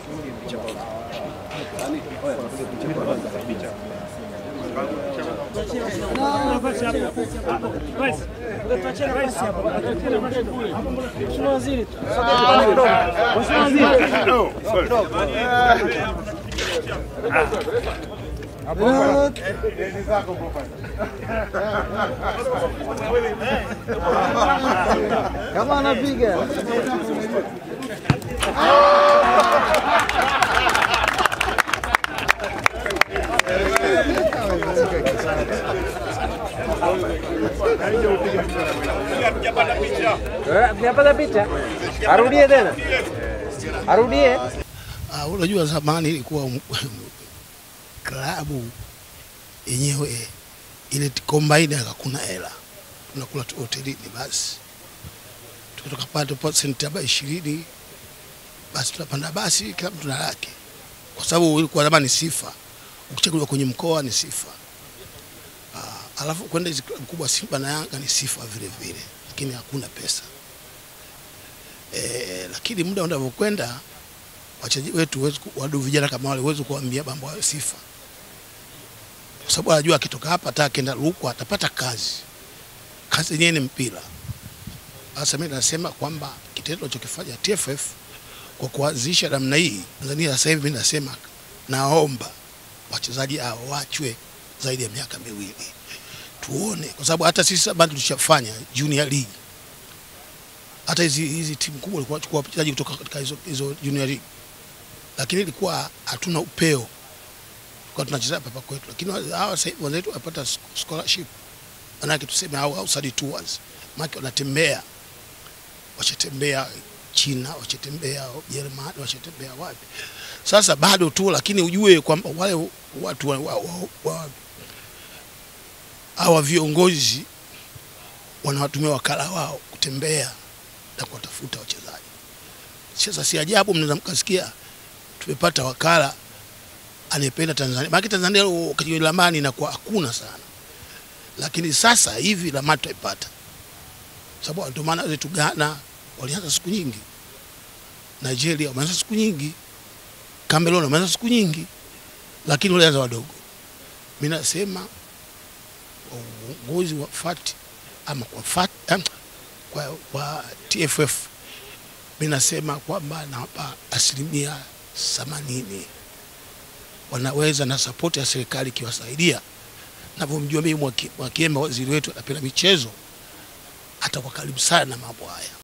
Come on, Abigail. Hatujapata eh, picha, arudie ah, tena, arudie. Unajua, zamani ilikuwa klabu yenyewe ile kombaini hakuna hela, tunakula tu hotelini basi, tukapata senti ishirini, basi tunapanda basi, kila mtu na lake, kwa sababu ilikuwa zamani sifa, ukichaguliwa kwenye mkoa ni sifa alafu kwenda hizi klabu kubwa Simba na Yanga ni sifa vile vile, lakini hakuna pesa e, lakini muda unavyokwenda wachezaji wetu wadu vijana kama wale huwezi kuambia mambo ya sifa, kwa sababu anajua akitoka hapa hata akienda Rukwa atapata kazi. Kazi yenyewe ni mpira. Sasa mimi nasema kwamba kitendo alichokifanya TFF kwa kuanzisha namna hii Tanzania sasa hivi, mimi nasema naomba wachezaji hao wachwe zaidi ya miaka miwili tuone, kwa sababu hata sisi bado tulishafanya junior league. Hata hizi hizi timu kubwa walikuwa wachukua wachezaji kutoka katika hizo, hizo junior league, lakini ilikuwa hatuna upeo, tulikuwa tunacheza papa kwetu, lakini hawa sasa wenzetu wapata scholarship, manake tuseme au outside tours, manake wanatembea, washatembea China, washatembea Ujerumani, washatembea wapi. Sasa bado tu, lakini ujue kwamba wale watu wa, wa, wa, wa hawa viongozi wanawatumia wakala wao kutembea na kuwatafuta wachezaji. Sasa si ajabu mnaweza mkasikia tumepata wakala anayependa Tanzania. Maana Tanzania wakati ramani inakuwa hakuna sana, lakini sasa hivi ramani tutaipata, sababu ndio maana wetu Ghana walianza siku nyingi, Nigeria wameanza siku nyingi, Cameroon wameanza siku nyingi, lakini walianza wadogo. Mimi nasema uongozi wa FAT ama kwa FAT, eh, kwa, kwa TFF minasema kwamba nawapa asilimia themanini wanaweza na sapoti ya serikali ikiwasaidia. Navyomjua mimi Mwakiembe, waziri wetu anapenda michezo, atakuwa karibu sana na mambo haya.